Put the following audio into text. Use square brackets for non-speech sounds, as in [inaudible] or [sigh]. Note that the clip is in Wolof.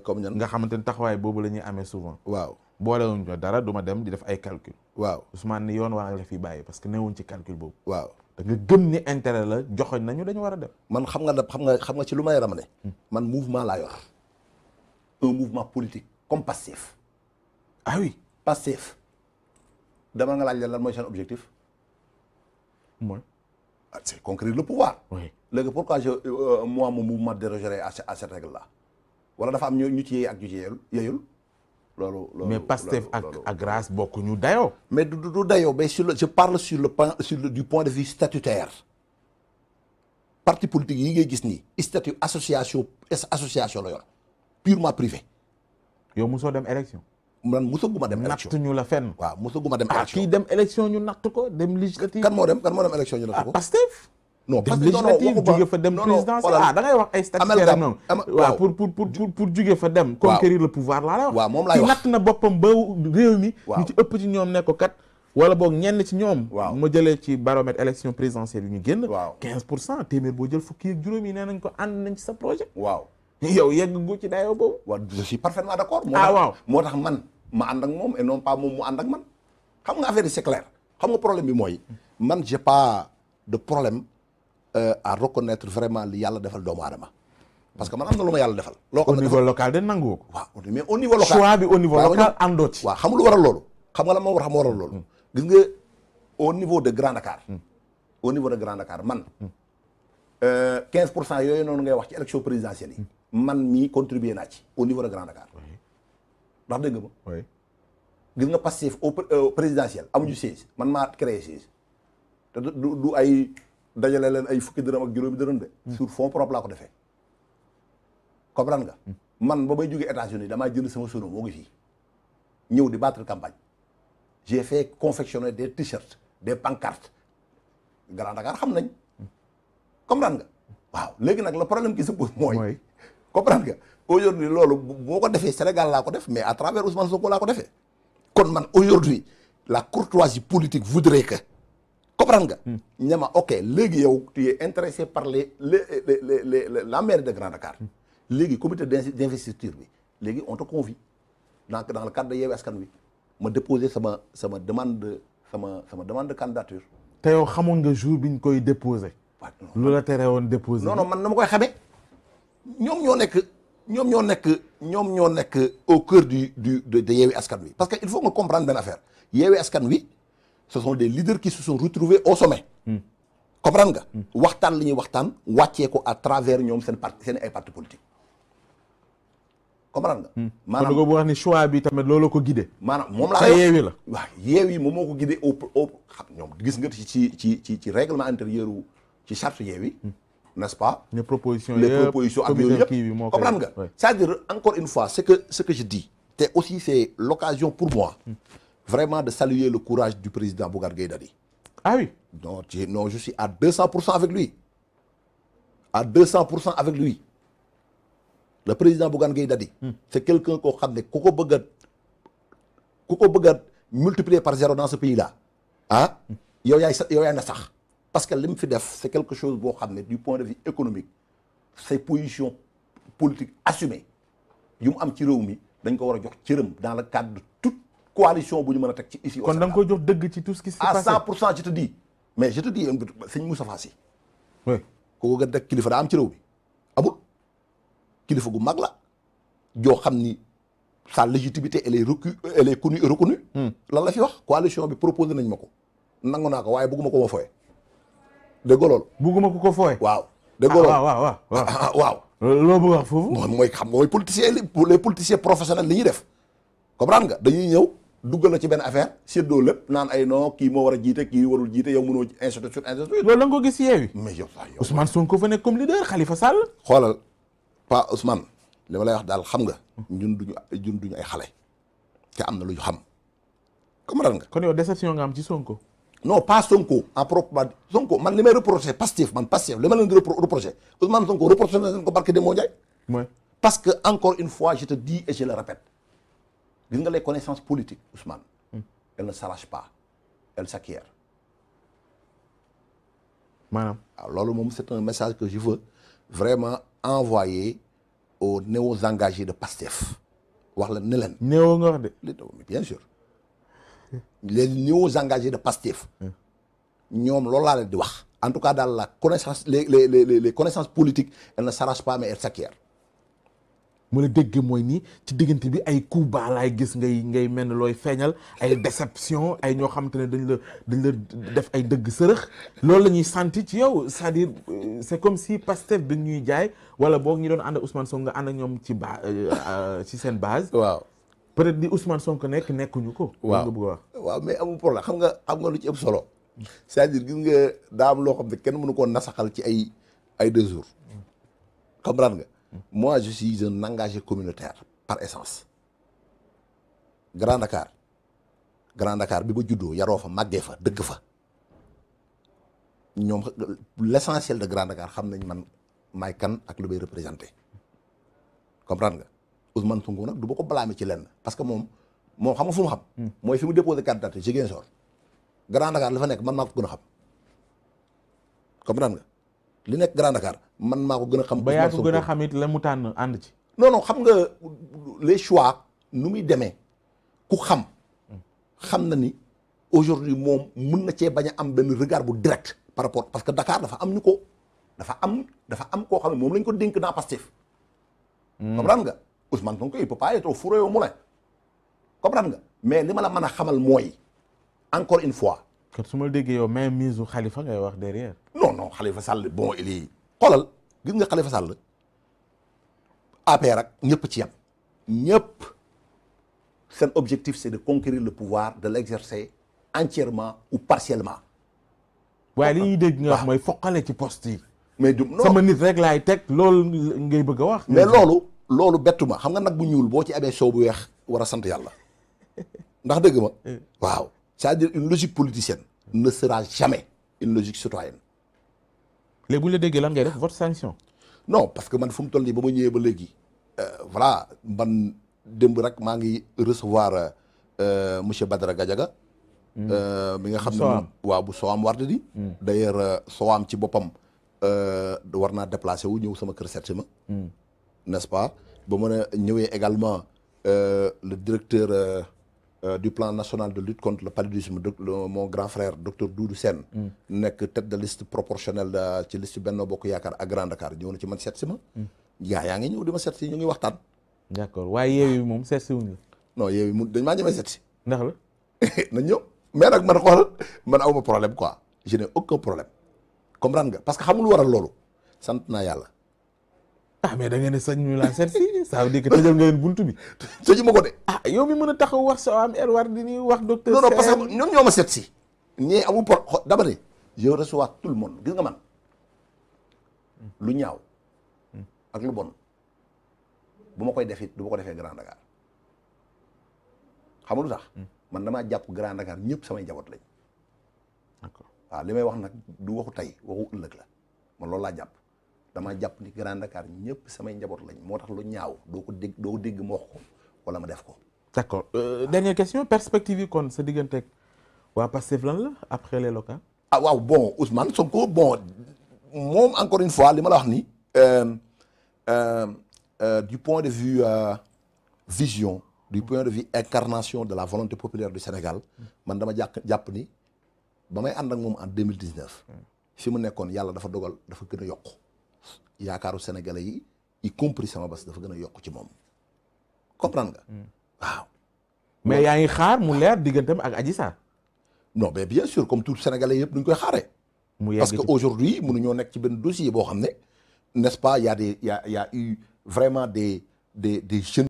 comme nga xamante ni taxawaay boobu la ñuy amee souvent waaw boolewuñ ko dara duma dem di def ay calcul waaw Ousmane ni yoon waa nga la fi bàyyi parce que newuñ ci calcul boobu waaw da nga gëm ni intérêt la joxoñ nañu dañu war a dem man xam nga xam nga xam nga ci lu may ramane hmm. man mouvement laa yor un mouvement politique comme Pastef ah oui Pastef dama nga laaj leen lan mooy seen objectif mooy ah, c'est conquérir le pouvoir oui léegi pourquoi je euh, moi mon mouvement dérogerait à cette règle là wala dafa am ñu ci yee ak ñu ci yeyul loolu loolu mais Pastef ak ak grâce ñu dayoo. mais du du dayoo bay su le je parle sur le point sur le du point de vue statutaire parti politique yi ngay gis nii statut association association la yor purement privé. yow mosoo dem élection. man mosaguma dem élection natt ñu la fenn. waaw mosaguma dem ah, élection kii dem élection ñu natt ko dem législative. kan moo dem kan moo dem élection ñu natt ah, ko non parce dem présidentiel ah da ngay wax ay statutaire noonu waaw pour pour pour pour jóge fa dem conquérir le pouvoir laa lay wax waaw moom laay wax natt na boppam ba réew mi ñu ci ëpp ci ñoom ne ko kat wala boog ñenn ci ñoom ma jëlee ci baromètre élection présidentielle yu ñu génn waaw quinze pour cent téeméer boo jël fukki ak juróom yi nee nañ ko ànd nañ ci sa projet waaw [laughs] yow yegg gu ci dayoo boobu waaw je suis parfaitement d'accord ah waaw moo tax man ma ànd ak moom et non pas moom mu ànd ak man xam nga affaire yi c'est clair xam nga problème bi mooy man j'ai pas de problème Euh, à reconnaître vraiment li yàlla defal doomu aadama parce que man am na lu ma yàlla defal. loo xam ne de nangu ko. waaw mais au niveau local choix bi au niveau local àndoo ci. loolu. xam nga la ma war xam waral loolu. Hmm. gis nga au niveau de Grand Dakar. Hmm. au niveau de Grand Dakar man. 15 hmm. euh, pour cent yooyu noonu ngay wax ci élection présidentielle man mii contribuer naa ci au niveau de Grand Dakar. ndax dégg nga ma. oui gis nga passif au euh, présidentiel amuñu siège man maa créé siège du ay. dajale leen ay fukki dërëm ak juróomi dërëm de. Hmm. sur fond propre laa ko defee. ran nga. Hmm. man ba may jógee États-Unis damaa jënd sama sono moo ngi fii ñëw di battre campagne. j'ai fait confectionner des t-shirts des pancartes Grand Dakar xam nañ. Hmm. comprendre nga waaw léegi nag le problème qui se pose mooy. comprendre nga aujourd'hui loolu boo ko defee Sénégal laa ko def mais à travers Ousmane Sonko laa ko defee. kon man aujourd'hui la courtoisie politique voudrait que. comprendre nga. ne hmm. ma ok léegi yow tu intéressé par le le le le la mairie de Grand Dakar. Hmm. léegi comité d' investiture bi léegi on te convie dans dans le cadre de Yewwi Askan Wi ma déposé sama sama demande sama sama demande de candidature. te yow xamoon nga jour bi ñu koy déposé. lu la tere woon déposé. non non man na ma koy xamee ñoom ñoo nekk ñoom ñoo nekk ñoom ñoo nekk au cœur du du de Yewwi Askan Wi parce que il faut nga comprendre benn affaire Yewwi Askan Wi. ce sont des leaders qui se sont retrouvés au sommet. Hmm. ran nga. Hmm. waxtaan la ñuy waxtaan wàccee ko à travers ñoom seen parti seen ay parti politique comprendre nga. Hmm. maanaam kon bu wax ni choix bi tamit loolu ko guidé. maanaam moom laa yeewi la waaw yeewi moom moo ko guidé au au ñoom gis nga ci ci ci ci règlement intérieur ci charte yeewi. n'est-ce pas. les propositions les propositions ak yooyu yëpp comprendre nga. c'est-à-dire encore une fois ce que ce que je dis. te aussi c'est l'occasion pour moi. vraiment de saluer le courage du président Bougane Gueye Dany. ah oui. non non je suis à 200 pour cent avec lui à 200 pour cent avec lui le président Bougane Gueye Dany. Hmm. c' est quelqu'un koo xam ne ku ko bëgg a ku ko bëgg a multiplier par zéro dans ce pays là ah. Hmm. yow yaay sa yow yaay sax parce que li mu fi def c' est quelque chose boo xam ne du point de vue économique ses positions politique assumées yu mu am ci réew mi dañ ko war a jox cëram dans le cadre de toute coalition bu ñu mën a teg ci ici. kon da nga koy jox dëgg ci tout ce qui s'est passé mais je te dis sëñ Moustapha Sy. oui kilifa daa am ci réew bi amul kilifa gu mag la joo xam ni sa légitimité elle est recue elle est connue et hmm. la fi wax coalition bi proposé nañ ma ko nangu naa ko waaye bëgguma ko ma fooye. dégg loolu. bëgguma ko ko fooye. waaw dégg loolu ah, waaw waaw waaw waaw. [laughs] loo bëgg wax foofu. mooy xam nga mooy politiciens les politiciens professionnels li ñuy def comprendre nga dañuy ñëw. duggal la ci benn affaire séddoo lépp naan ay non kii moo war a jiite kii warul jiite yow mënoo ainsi de suite ainsi de suite loolu la ko gis yeewi mais Sonko fa nekk comme leader Khalifa Sall xoolal lay wax daal xam nga ñun duñu ñun duñu ay xale te lu ñu xam comprendre nga kon yow déception nga am ci Sonko non pas Sonko en proprement Sonko man li may reproché Pastef Sonko reproché na leen ko barke de moo parce que encore une fois je te dis et je le répète gis nga les connaissances politiques Ousmane elles ne s'arrachent pas elles s'acquièrent maanaam waaw ah, loolu moom c'est un message que je veux vraiment envoyer aux néos engagés de PASTEF wax la ne leen néo nga wax de bien sûr les néos engagés de PASTEF ñoom loolu di wax en tout cas daal la connaissance les les les les connaissances politiques elles ne s'arrachent pas mais elles s'acquièrent ma la dégg mooy nii ci diggante bi ay coups bas laay gis ngay ngay mel ne looy feeñal ay déception ay ñoo xamante ne dañ la dañ la def ay dëgg sërëx loolu la ñuy sentir ci yow c'est-à-dire euh, c'est comme si Pastef bi ñuy jaay wala boo ñi doon ànd ak Ousmane Sonko nga ànd ak ñoom ci ba euh, euh, ci seen base. waaw peut-être di Ousmane Sonko nekk nekkuñu ko. waaw nga bëgg mais amul problème xam nga am lu ci ëpp solo. c'est-à-dire gis nga daa am loo xam ne kenn mënu koo nasaxal ci ay ay deux jours. comprendre nga. moi je suis un engagé communautaire par essence Grand Dakar Grand Dakar bi ba juddoo yaroo fa màggee fa dëkk fa ñoom l'essentiel de Grand Dakar xam nañ man maay kan ak lu may représenté comprendre nga Ousmane Sonko nag du ma ko blâmer ci lenn parce que moom moom xam nga fu mu xam. Hmm. mooy fi mu déposé carte d'identité Ziguinchor Grand Dakar la fa nekk man maa ko gën a li nekk Grand Dakar man maa gën a xam. ba yaa gën a xam it la mu tànn ànd ci. non non xam nga les choix nu muy demee ku xam xam na ni aujourd'hui moom mun na cee bañ a am benn regard bu direct par rapport parce que Dakar dafa am ñu ko dafa am dafa am koo xam ne moom lañ ko dénk naa Pastef. Hmm. comprendre nga Ousmane Sonko il peut pas être au four et au moulin nga mais li ma la mën a xamal mooy encore une fois. kat su ma déggee yow même mise u Khalifa ngay wax derrière. non non Khalifa Sall bon il est xoolal gis nga Khalifa Sall APR ak ñëpp ci yam ñëpp seen objectif c'est de conquérir le pouvoir de l'exercer entièrement ou partiellement. waaye li ñuy dégg nga wax mooy foqale ci poste yi. mais du non sama nit rek laay teg lool ngay bëgg a wax. mais loolu loolu bettu ma xam nga nag bu ñuul boo ci amee soow bu weex war a sant yàlla ndax dëgg ma. [laughs] Eh. waaw c'est-à-dire une logique politicienne ne sera jamais une logique citoyenne. léegi bu ñu la déggee lan ngay def vote sanction. non parce que man fu mu toll nii ba ma ñëwee ba léegi euh, voilà man démb rek maa ngi recevoir euh, monsieur Badara Gadiaga hmm. euh, mi nga xam ne waaw bu Soham Wardini hmm. d'ailleurs Soham ci boppam war naa déplacé wu ñëw sama kër seetsi ma hmm. nest pas ba mën a ñëwee également le directeur Euh, du plan national de lutte contre le paludisme mon grand frère docteur Doudou Sène mm. nekk tête de liste proportionnelle euh, ci liste Benno Bokk Yaakaar ak Grand Dakar ñëw na ci man seet si ma mm. yaa yaa ngi ñëw di ma seet si ñu ngi waxtaan d'accord waaye yeewi moom seet si wuñ la non yeewi mu dañ maa ñemee seet si ndax la [laughs] nañ ñëw mais nag man xoolal man awma problème quoi je n'ai aucun problème comprendre nga parce que xamul waral loolu sant naa yàlla ah mais da ngeen a sañ ñu laa seet si ça veut dire que nga leen buntu bi. tëju ma ko de. ah yow mi mën a taxaw wax soo am war di ñuy wax docteur. non non parce que ñoom ñoo ma seet si. ñee amul por xo dama ne je reçois tout le gis nga man lu ñaaw ak lu bon bu ma koy def it du ma ko defee Grand Dakar xam nga lu hmm. man damaa jàpp Grand Dakar ñëpp samay njaboot lañ. d'accord li may wax nag du waxu tey waxu ëllëg la man loolu laa jàpp. damaa jàpp ni Grand Dakar ñëpp samay njaboot lañ moo tax lu ñaaw doo ko dégg doo dégg mu wax ko wala ma def ko. d'accord euh, dernière question perspective yi kon sa digganteeg waa Pastef lan la après les locales. ah waaw bon Ousmane Sonko moom encore une fois li ma la wax ni euh, euh, euh, du point de vue euh, vision. du point de vue incarnation de la volonté populaire du Sénégal man dama jàpp jàpp ni ba may ànd ak moom en 2019 fi mu nekkoon yàlla dafa dogal dafa gën a yokk. yaakaaru sénégalais yi y compris sama bas dafa gën a yokk ci moom comprendre nga. Mm. mais yaa ngi xaar mu leer digganteem ak Adji Sarr. no mais bien sûr comme tout sénégalais yëpp duñ koy xaaree. mu parce que aujourd'hui mënuñoo nekk ci benn dossier boo xam ne n'est-ce pas y a des eu vraiment des des des jeunes.